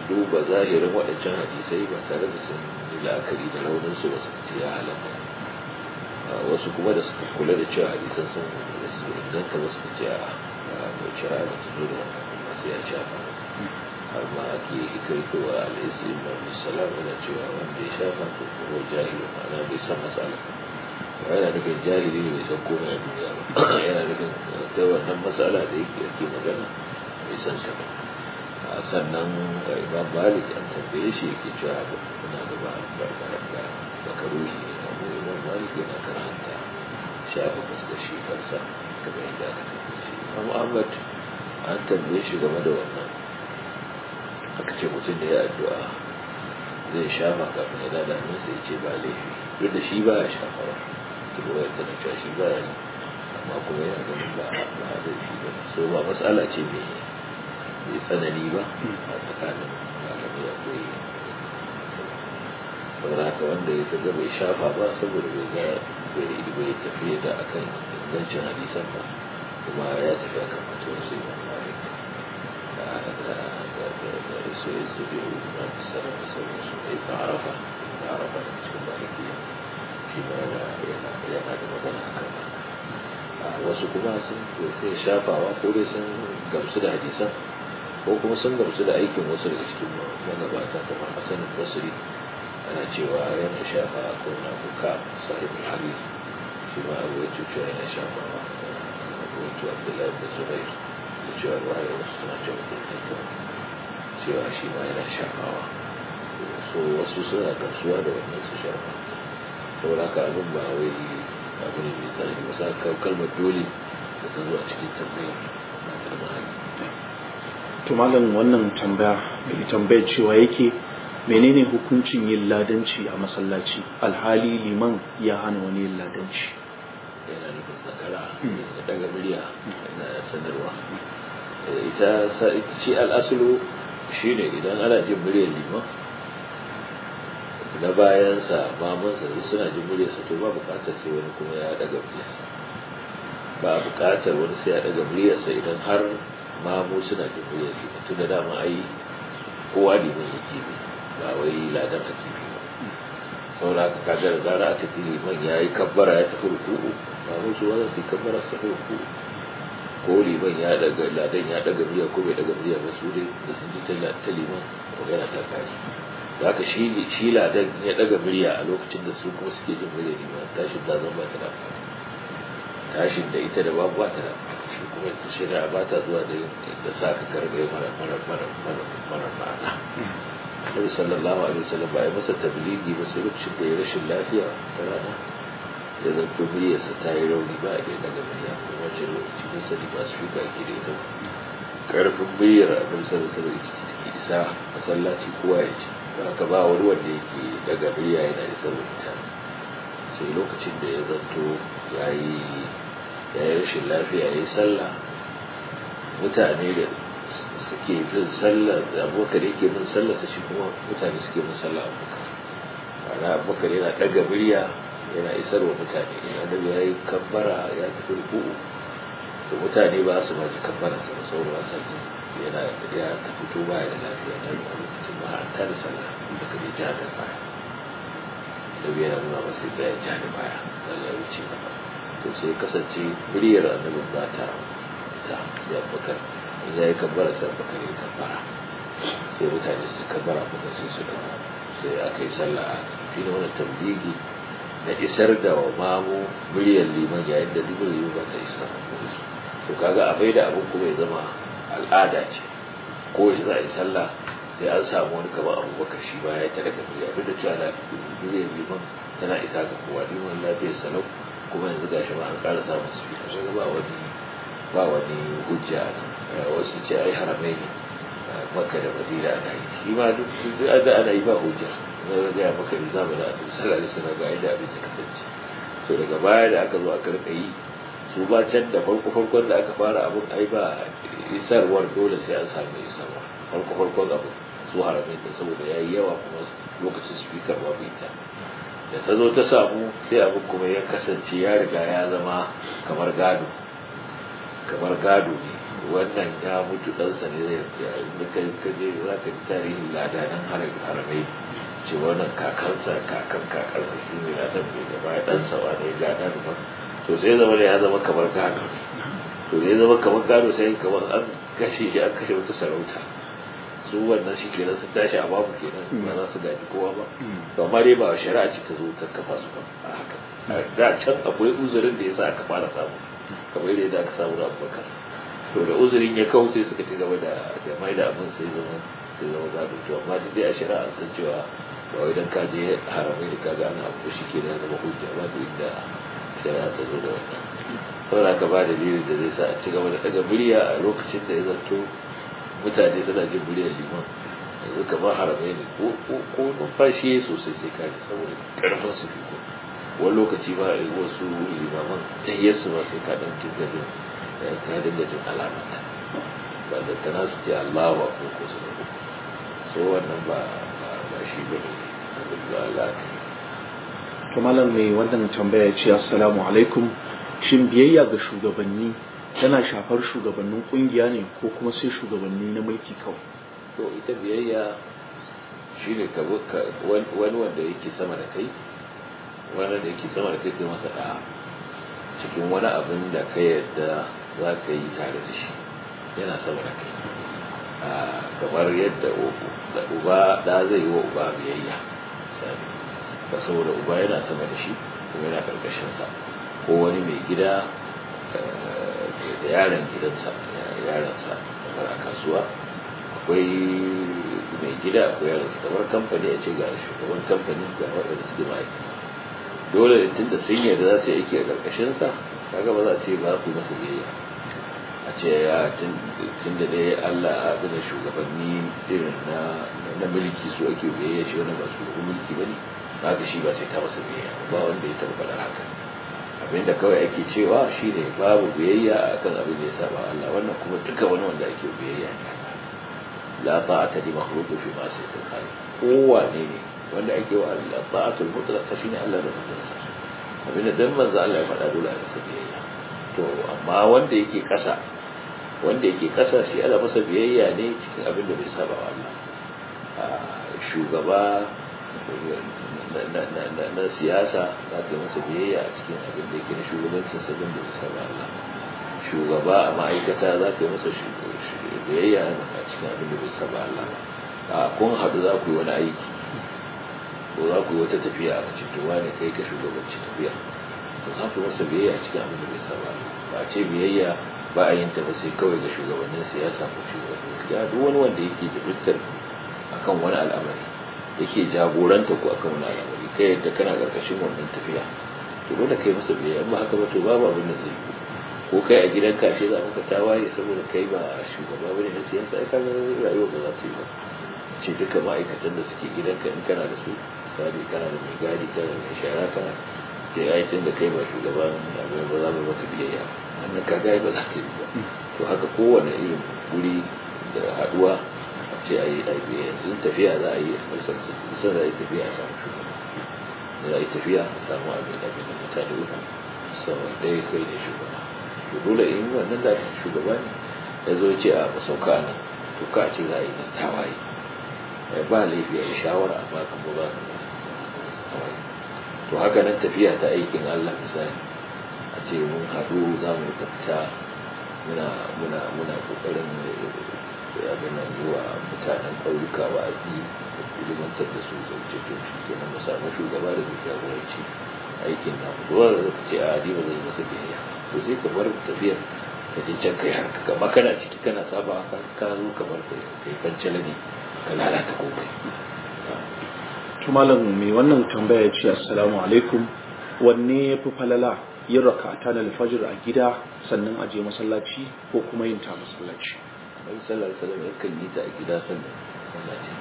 duba zahirin waɗancan hadisai ba tare da sun yi la'akari da rauninsu ba su ce ya ba wasu kuma da suka kula da cewa hadisan sun da su inganta ba su ce a mai cira da su zo da masu ya sha ba har ma ake hikirtowa alaisu imam salam yana cewa wanda ya sha ba to kuma jahilu ma'ana bai san matsala yana nufin jahili ne bai san komai a duniya ba yana nufin eh, ta wannan matsala da yake magana bai san ta ba sannan ga imam malik an tambaye shi yake cewa muna ba albarkaran da makaruhi ne abu imam malik yana karanta shafi fuskar shi kansa kamar yadda aka tambaye shi imam ahmad an tambaye shi game da wannan aka ce mutum da ya addu'a zai shafa kafin ya dada nan ya ce ba laifi duk da shi ba ya shafa ba saboda tana cewa shi ba ya amma kuma yana ganin ba a laifi ba so ba matsala ce mai bai tsanani ba hmm. a tsakanin malamai akwai saboda haka wanda ya ga bai shafa ba saboda bai ga bai da akan ingancin hadisan ba kuma ya tafi akan mutuwar sai ba malik da da da iso ya zube na sarar da sauran su kai ba arafa da arafa da cikin malikiya shi ma yana da magana akan ba wasu kuma sun shafawa ko dai sun gamsu da hadisan ko kuma sun gamsu da aikin wasu daga cikin magabata kamar hasan basri ana cewa yana shafa ko na buka sahibin hadis shi ma abu ya cewa yana shafa wato abdullahi da zubair da cewa ruwaya wasu suna cewa da cewa shi ma yana shafawa so wasu suna gamsuwa da wannan su shafa saboda haka abin ba wai abu ne mai tsari masu kalmar dole da ta zo a cikin tambayar to malam wannan tambaya mai tambayar cewa yake menene hukuncin yin ladanci a masallaci alhali liman ya hana wani yin ladanci yana nufin zakara hmm. da daga murya na sanarwa ita ce al'asulu shi ne idan ana jin muryar liman na bayansa mamansa suna jin muryarsa to ba bukatar sai wani kuma ya daga muryarsa ba bukatar wani sai ya daga muryarsa idan har amma mu suna jamhuriyar juna tun da dama ai kowa ne mai yake ne ba wai ladan a kifi ba saboda ka kaga da zara aka tafi liman ya yi kabbara ya tafi rukuku ba mu su wanda su kabbara su tafi rukuku ko liman ya daga ladan ya daga miya ko bai daga miya ba su dai da sun ji ta liman yana ta kare za ka shi ladan ya daga murya a lokacin da su kuma suke jin murya liman tashin da zan ba ta da tashin da ita da babu ba ta da shi kuma ita shari'a ba ta zuwa da da sa ka karbe mara mara mara mara mara ma'ana annabi sallallahu alaihi wasallam ba ya masa tabligi ba sai lokacin da ya rashin lafiya ta rana ya zanto miyarsa ta yi rauni ba a iya daga murya ko wancan lokaci da sani ba su shuka gida ita karfin muryar annabi sallallahu alaihi wasallam ita ce take isa masallaci kowa ya ci ba ka ba wani wanda yake daga murya yana isar da mutane sai lokacin da ya zanto ya yi ya yi rashin lafiya ya yi sallah mutane da suke bin sallah da abubakar yake bin sallah ta shi kuma mutane suke bin sallah abubakar ana abubakar yana ɗaga birya yana isar wa mutane daga ya yi kambara ya fi ruku'u to mutane ba su ba ji kambara sa ba saboda ba ji yana ya tafi to baya da lafiya ta yi lokacin ba a ta da sallah da kare ja da baya da biyar nuna masu ya ja da baya da ya wuce gaba to sai kasance muryar annabin ba ta ta sai abubakar in ya yi kabbara sai ya kabbara sai mutane su kabbara kuma sai su dawo sai aka yi sallah a fi da wani tambigi na isar da wa mamu muryar liman yayin da dubin liman ba ta isa to kaga a da abin kuma ya zama al'ada ce ko shi za a yi sallah sai an samu wani kamar abubakar shi ba ya yi ta daga murya duk da cewa miliyan liman tana isa ga kowa liman lafiyar salau kuma yanzu ga shi ba an ƙara samun su biyu sai ba wani ba wani hujja wasu ce ai haramai ne maka da madina ana yi shi ma duk an da ana yi ba hujja na gaya maka ne da a duk salari suna ga da abin ya kasance to daga baya da aka zo aka rika yi su ba can da farko farkon da aka fara abin ai ba isarwar dole sai an samu isarwa farko farkon abin su haramai da saboda ya yi yawa kuma lokacin fi ba bai ta da ta zo ta samu sai abin kuma ya kasance ya riga ya zama kamar gado kamar gado ne wannan ya mutu ɗansa ne zai da ka je za ka ji tarihin ladanin haramai ce wannan kakansa kakan kakansa shi ne ladan bai da baya ɗansa wa ne ladan ba to sai zama ya zama kamar gado to sai zama kamar gado sai kamar an kashe shi an kashe wata sarauta su wannan shi kenan sun tashi a babu kenan hmm. ba za su gaji kowa ba hmm. to amma dai ba shari'a ce ta zo ta kafa su ba a haka hmm. da can akwai uzurin da ya sa aka fara samu kamar yadda aka samu da abubakar to da uzurin ya kawo sai suka ci gaba da da mai da abin sai zama sai zama zaɓi to amma duk dai a shari'a san cewa ba wai dan ka je haramai da ka gane abu shi ke da zama hujja ba to inda shari'a ta zo da wannan saboda ka ba dalilin da zai sa a ci gaba da daga murya a lokacin da ya zanto mutane tana jin murya liman yanzu kamar haramai ne ko numfashi ya sosai sai kare saboda karfin su fiko wani lokaci ba a wasu limaman ta yi su ba sai ka ɗan dinga jin eh, ka dinga jin alamata ba da tana su ce Allah ba ko ko su ne so wannan ba ba shi ba ne abin da Allah ne. to malam mai wannan tambaya ce assalamu alaikum shin biyayya ga shugabanni tana shafar shugabannin kungiya ne ko kuma sai shugabanni na mulki kawai to ita biyayya shi ne ka wani wanda yake sama da kai wani da yake sama da kai kai masa da cikin wani abin da ka yarda za ka yi tare da shi yana sama da kai kamar yadda uba da zai yi wa uba biyayya ba saboda uba yana sama da shi kuma yana karkashinsa ko wani mai gida eh, da yaron gidansa yaransa kamar a kasuwa akwai mai gida akwai yaransa kamar kamfani a ce ga shugaban kamfani ga waɗanda gima yi dole ne tun da sun yarda za su yi aiki a ƙarƙashinsa kaga ba za a ce ba ku masa biyayya a ce ya tun da dai Allah a gina shugabanni irin na mulki su ake biyayya shi wani ba shugaban mulki ba ne ba shi ba sai ta masa biyayya ba wanda ya taɓa faɗa haka abinda kawai ake cewa shine babu biyayya akan abin da ya saba Allah wannan kuma duka wani wanda ake biyayya ne la ta'ata li makhluqin fi ma'siyati al-khaliq kowa ne ne wanda ake wa al-ta'atul mutlaqa shine Allah da mutunsa abinda dan manzo Allah ya faɗa dole a masa biyayya to amma wanda yake ƙasa wanda yake ƙasa shi ana masa biyayya ne cikin abin da bai saba wa Allah ah, shugaba na siyasa za ta yi masa biyayya a cikin abin da yake na shugabancin sabon da su saba Allah shugaba a ma'aikata za ta yi masa biyayya a cikin abin da su saba Allah a kun haɗu za ku yi wani aiki ko za ku yi wata tafiya a cikin tuwa ne kai ka shugabanci tafiya to za ku yi masa biyayya a cikin abin da su saba Allah ba a ce biyayya ba a yin ta ba sai kawai ga shugabannin siyasa ko shugabannin ya duk wani wanda yake da akan wani al'amari yake jagoranta ku akan wani al'amari kai yadda kana karkashin wannan tafiya to dole kai masa biyayya amma haka ba to babu abin da zai ko kai a gidan kashe za maka tawaye saboda kai ba shugaba bane na siyasa ai kaga rayuwa ba za ta yi ba ce duka ma'aikatan da suke ka in kana da su misali kana da mai gadi kana da mai shara kana ce ai tun da kai ba shugaba abin ba za mu maka biyayya annan kaga ba za ta yi ba to haka kowane irin guri da haduwa ce a yi ɗage yanzu tafiya za a yi sun za a yi tafiya a samu shugaba za a yi tafiya a samu abin da abin da mutane wuta sauran ɗaya kai da shugaba to dole in wannan da ake shugaba ne ya zo ce a masauka nan to ka ce za a yi nan tawaye eh, ba laifi ya yi a baka kan ba za tawaye to haka nan tafiya ta aikin Allah misali a ce mun haɗu za mu tafta muna muna muna ƙoƙarin ya nan zuwa mutanen ƙauyuka ba a fi ilimantar da su zance to shi kenan mu samu shugaba da zai jagoranci aikin na dole da ka ce a ni zai yi masa biyayya to sai ka bar tafiyar ka je can kai harka kama kana ciki kana saba haka ka zo kamar kai kai kancala ne ka lalata ko kai to malam mai wannan tambaya ya ce assalamu alaikum wanne ya fi falala yin raka rakata na alfajir a gida sannan a je masallaci ko kuma yin ta masallaci an sallar ya kan yi ta a gida sannan sallaci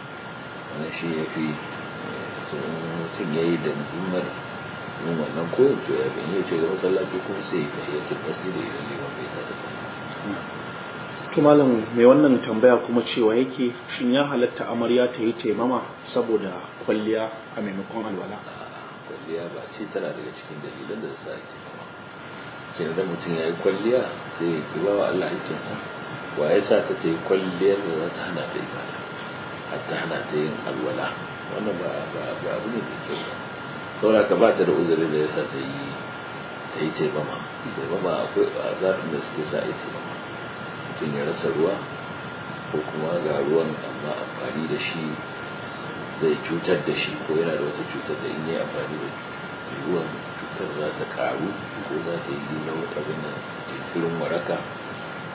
wannan shi ya fi eh, mutum ya yi da zimmar yin wannan koyon to ya bin yi ce da masallaci kuma sai ya yi ta tasiri idan liman bai ta da sallah to malam mai wannan tambaya kuma cewa yake shin ya halatta amarya ta yi taimama saboda kwalliya a maimakon alwala kwalliya ba ce tana daga cikin dalilan da sa ake ke da mutum ya yi kwalliya sai ya ba wa Allah aikinsa wa ya sa ta ta yi kwalliyar da za ta hana ta yi har ta hana ta yin alwala wannan ba abu ne mai kyau ba saura ka ba ta da uzuri da ya sa ta yi ta yi taimama taimama akwai a zafin da suke sa yi taimama mutum ya rasa ruwa ko kuma ga ruwan amma amfani da shi zai cutar da shi ko yana da wata cutar da in yi amfani da ruwan cutar za ta karu ko za ta yi nau'in abin nan jinkirin waraka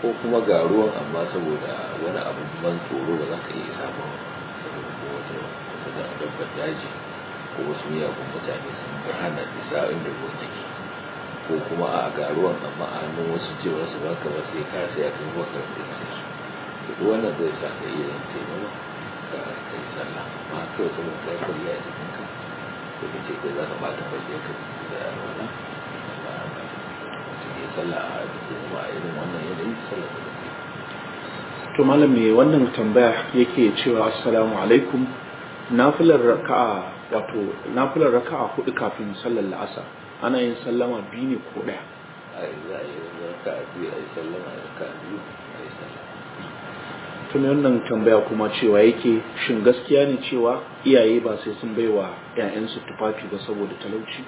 ko kuma ga ruwan amma saboda wani abu ban tsoro ba za ka iya samun saboda ko wata wata da dabbar daji ko wasu miyagun mutane sun hana isa inda ruwan yake ko kuma a ga ruwan amma a hannun wasu cewa su ka ba sai ka sai a kan ruwan ka sai sai duk wannan zai sa ka iya yin taimama ka yi sallah amma kawai saboda kai kwalliya a jikinka ko ka ce kai za ka ba bata kwalliya ka da rana sallah wannan to wannan tambaya yake cewa assalamu alaikum nafilar raka'a wato nafilar raka'a hudu kafin sallar la'asa ana yin sallama biyu ne ko daya a wannan tambaya kuma cewa yake shin gaskiya ne cewa iyaye ba sai sun baiwa 'ya'yansu tufafi ba saboda talauci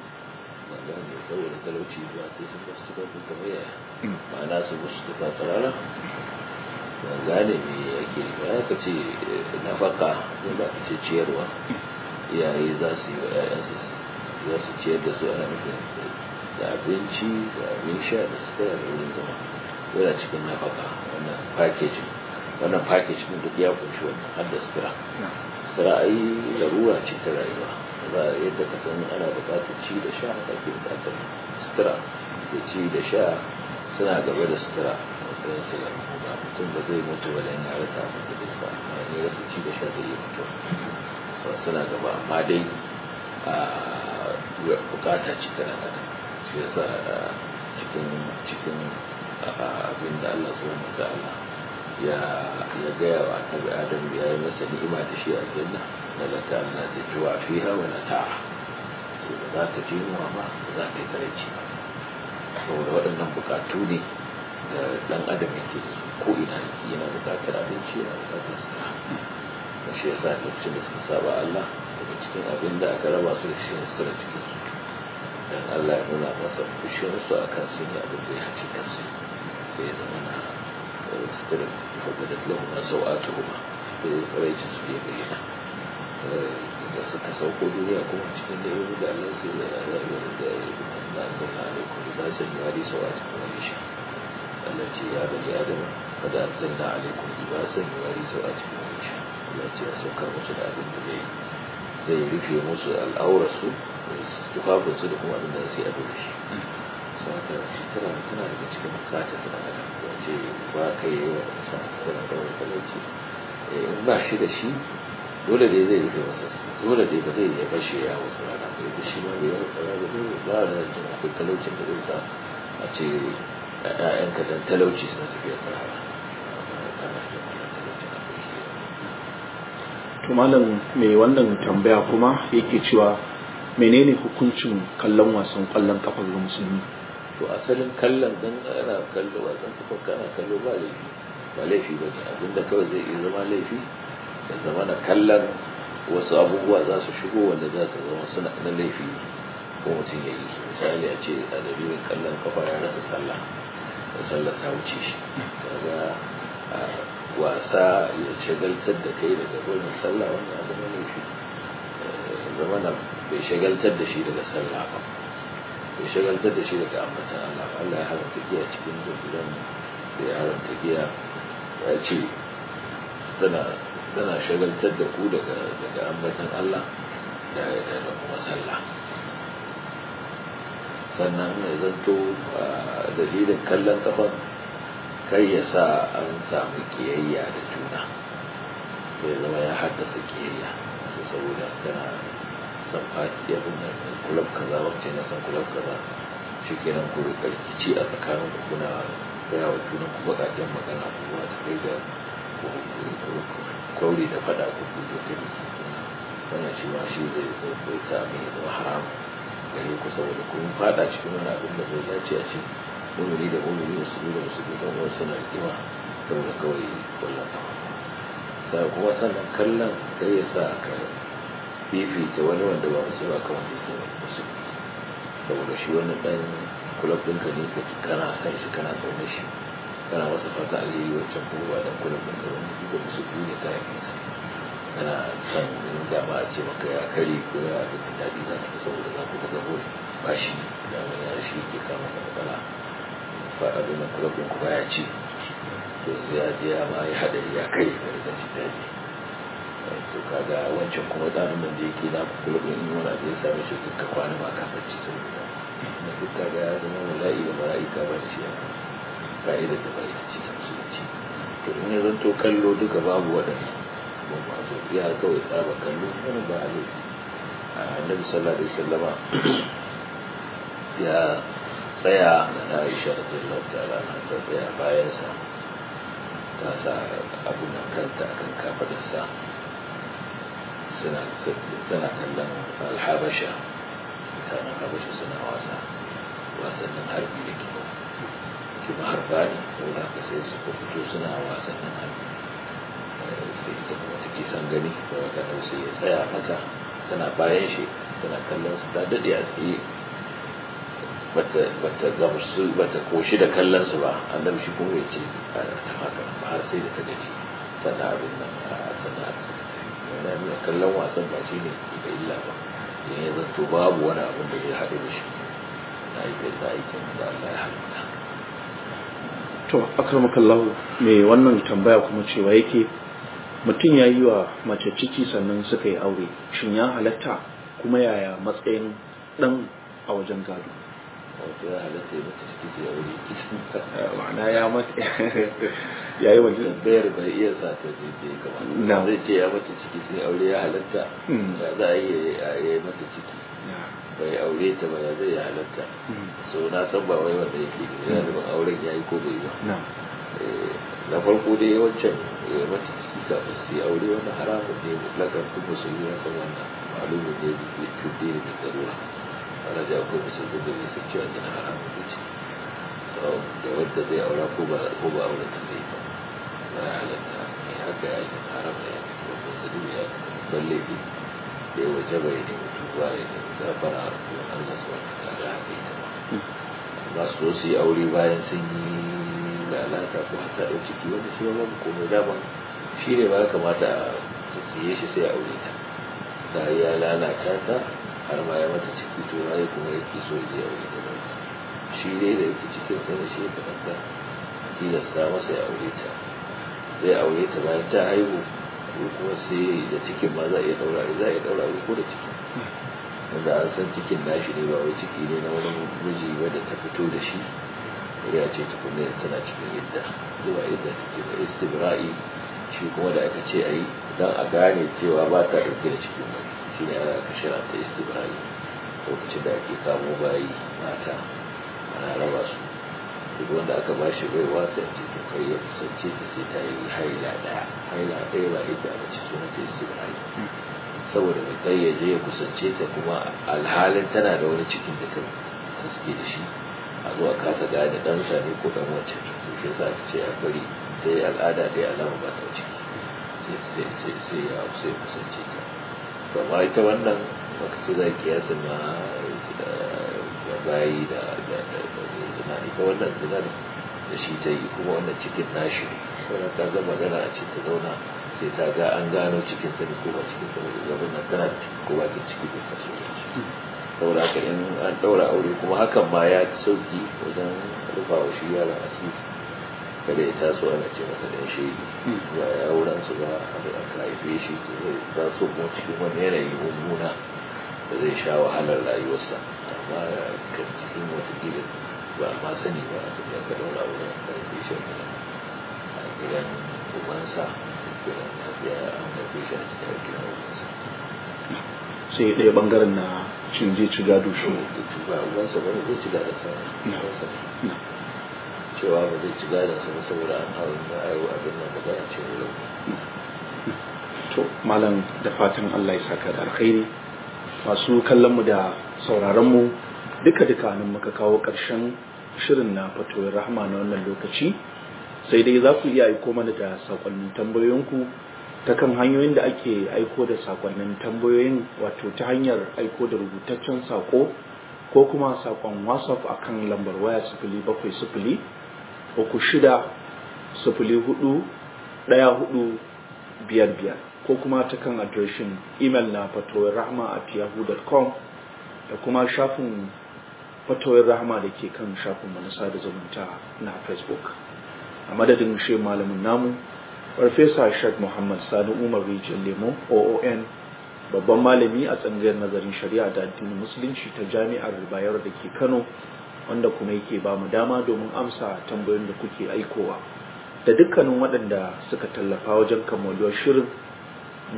saboda talauci zuwa sai sun kasu tufafin kamar yaya ma'ana su musu tufa tsirara ban gane me yake ba ka ce nafaka ne ba ka ce ciyarwa iyaye za su yi wa 'ya'yansu za su ciyar da su ana nufin da abinci da abin sha da su tara da wurin zama yana cikin nafaka wannan packaging wannan package din duk ya kunshi wannan har da sutura sutura ai larura ce ta rayuwa za a yadda ka sani ana buƙatar ci da sha haka ke buƙatar sutura da ci da sha suna gaba da sutura matsayin su ba mutum ba zai mutu ba dan ya rasa masa a ya rasa ci da sha zai yi mutu suna gaba amma dai a bukata ci ta nan shi sa cikin cikin abin da Allah subhanahu wa ta'ala ya gaya wa ta bi Adam ya yi masa ni'ima da shi a aljanna lalata na da juwa fiha wa nata'a to ba za ka ji yunwa ba ba za yi talauci ba saboda waɗannan bukatu ne da ɗan adam yake da su ko ina yana bukatar abinci yana bukatar sutura da shi yasa da suka saba Allah daga cikin abin da aka raba su da shi ne sutura cikin su dan Allah ya nuna su abin ya zama na ya da suka sauko duniya kuma cikin da yau da Allah sai ya rabu da inna anzalna yi libasan a cikin wani shi Allah ce ya bani adam kada anzalna alaikum libasan a cikin wani shi Allah ce ya sauka musu da abin da zai zai rufe musu al'aura su tufafin su da kuma abin da zai abu da shi saka sutura tana daga cikin bukatar da adam ce ba ka yi wa sa sutura da wani talauci eh, in ba shi da shi dole dai zai rike wasu dole dai ba zai ba shi ya wasu rana ko da shi ma bai wasu rana ko zai ba da jin akwai talaucin da zai sa a ce ƴaƴanka dan talauci suna tafiya sahara to malam mai wannan tambaya kuma yake cewa menene hukuncin kallon wasan kallon kafar ga musulmi to asalin kallon dan ana kallo wasan kafar kana kallo ba laifi ba laifi ba abinda kawai zai iya zama laifi da zama na kallon wasu abubuwa za su shigo wanda za su zama suna na laifi ko mutum ya yi misali a ce a dalilin kallon kafa ya rasa sallah da sallah ta wuce shi kaga wasa ya shagaltar da kai daga gurin sallah wanda ya zama laifi eh, zama na bai shagaltar da shi daga sallah ba bai shagaltar da shi daga ambatan Allah Allah ya haramta giya cikin dukkan da ya haramta giya ya ce tana shagaltar da ku daga ambatan Allah da kuma sallah sannan mai zanto dalilin kallon kafan kai ya sa an samu kiyayya da juna sai zama ya haddasa kiyayya su saboda tana san fati abin da kulab kaza wacce na san kulab kaza shi kenan ku rikici a tsakanin kuna gaya wa juna ku baƙaƙen magana kuma ta kai ga kauri da fada ko kuzo ta biki wannan shi ma shi zai zai sa mai zama haram gare ku saboda kun fada cikin wani abin da zai dace a ce mumini da da su da musulmi don wasu suna rigima saboda kawai wannan abu da kuma sannan kallon sai ya sa ka fifita wani wanda ba musulmi ba kamar yake musulmi saboda shi wannan dan kulab ɗinka ne ka kana kan shi kana zaune shi kana masa fata alheri wancan kuma ba kudin kullum da kawai da su ne kayan nisa kana san da dama a ce maka ya kare ko ya ga daɗi za ka saboda za ku ta gabo ba shi da wani ya shi ke kama da matsala ba abin da kulabin ku ya ce to ya je ya ma ya hadari ya kai da rigar ci daji to kaga wancan kuma tsarin nan da yake na kulabin in wani abu ya same shi duka kwana ma kafin ci saboda na duka ga ya zama mala'i da mala'ika ba da shi ya fa'ida da fa'ida cikin zuci to in ya zanto kallo duka babu waɗanda ba masu ya kawai tsaba kallo wani ba a laifi a annabi sallallahu alaihi wasallama ya tsaya na Aisha radiyallahu ta'ala na ta tsaya bayansa ta sa abun kanta akan kafadarsa suna kallon alhabasha mutanen habasha suna wasa wasannin harbi da kiwo kuma harba ne saboda haka sai su fito suna wasannin hannu sai ita kuma take son gani da wata sai ya tsaya haka tana bayan shi tana kallon su ta daɗe a tsaye bata gamsu bata koshi da kallon su ba annabi shi kuma ya ce ta haka har sai da ta gaji sannan abin nan sannan aka saka tafi yana nuna kallon wasan ba shi ne da illa ba yanzu to babu wani abin da zai haɗu da shi na yi aikin yi kyan da Allah ya halitta to akramakallahu mai wannan tambaya kuma cewa yake mutum ya yi wa mace ciki sannan suka yi aure shin ya halatta kuma yaya matsayin dan a wajen gado wato ya halatta ya mace ciki ta aure ma'ana ya mace ya yi wajen bayar bai iya sa ta je je na zai ce ya mace ciki sai aure ya halatta hmm. ya za a yi mata ciki bai aure ta ba ya zai halatta so na san ba wai wanda yake ne galibin auren ya yi ko bai ba eh, na farko dai yawancin eh, mata ciki kafin su yi aure wani haramun ne mutlakar kuma su yi wasan wannan malumin ne da ke cuɗe da tsarura ana ji akwai musulmi da nisan cewa ne na haramun da ce da wadda zai aura ko ba aure ta zai ba ba ya halatta ne haka ya yi haram ya yi wasu ya balle ne da ya waje bai ne zuwa da ita da fara don Allah su wata ta da ta ba su so su yi aure bayan sun yi da alaƙa ko har ta ɗau ciki wanda shi babu mai daban shi ne ba kamata a siye shi sai aure ta ta ya lalata ta har ma ya mata ciki to ya kuma ya ke so ya aure ta ba shi ne da yake cikin sa shi ya da tilasta masa ya aure ta zai aure ta bayan ta haihu ko kuma sai da cikin ma za a iya daura za a iya daura ko da cikin wanda an san cikin nashi ne ba wai ciki ne na wani miji wanda ta fito da shi ya ce tukunne tana cikin yadda zuwa yadda take ba istibra'i shi kuma da aka ce a yi don a gane cewa ba ta dauke da cikin wani shi ne ana aka shara ta istibra'i lokacin da ake kamo bayi mata ana raba su duk wanda aka ba shi bai wasa ce to kai ya kusance ta sai ta yi haila daya haila daya ba yadda ba ce sunan ta istibra'i saboda mai ya je ya kusance ta kuma alhalin tana da wani cikin da ta suke da shi a zuwa kasa gane ɗansa ne ko ɗan wancan to shi sa ta ce a bari ta yi al'ada da ya alama ba ta ciki sai ya sai kusance ta to amma ita wannan baka ce za ki yasa ma bayi da zina ita wannan zinar da shi ta yi kuma wannan cikin nashi ne sauran ta zama gana a ce ta zauna sai ta ga an gano cikin sani ko ba cikin sani da zaɓin nan tana ciki ko ba ta ciki da kaso saboda ka in an ɗaura aure kuma hakan ma ya sauki wajen rufa wa shi yaron asiri kada ya taso ana ce masa ɗan ba ya wurin su ba a da aka haife shi zai su kuma cikin wani yanayi mummuna da zai sha wahalar rayuwarsa amma ka cikin wata gida ba ma sani ba a tafiya ka daura wurin haife shi a gidan ubansa sai ɗaya ɓangaren na cin zai ci gado shi da ba wansa ba zai ci gado sa cewa ba zai ci gado sa ba saboda an hawa da ayo abin nan da za a ce wurin to malam da fatan Allah ya saka da alkhairi masu kallon mu da sauraron mu duka duka nan muka kawo ƙarshen shirin na fatoyin rahama na wannan lokaci sai dai za ku iya aiko mana da sakonnin tambayoyinku ta kan hanyoyin da ake aiko da sakonnin tambayoyin wato ta hanyar aiko da rubutaccen sako ko kuma sakon whatsapp kan lambar waya sifili bakwai sifili uku shida sifili hudu ɗaya hudu biyar biyar ko kuma ta kan adireshin imel na fatowar rahama a yahoo.com da kuma shafin fatowar rahama da ke kan shafin manasa da zumunta na facebook a madadin shi malamin namu farfesa shek muhammad sani umar rijiyar lemo oon babban malami a tsangayar nazarin shari'a da addinin musulunci ta jami'ar bayar da ke kano wanda kuma yake ba mu dama domin amsa tambayoyin da kuke aikowa da dukkanin waɗanda suka tallafa wajen kammaluwar shirin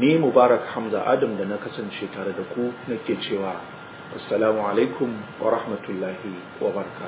ni mubarak hamza adam da na kasance tare da ku nake cewa assalamu alaikum wa rahmatullahi wa barakatuh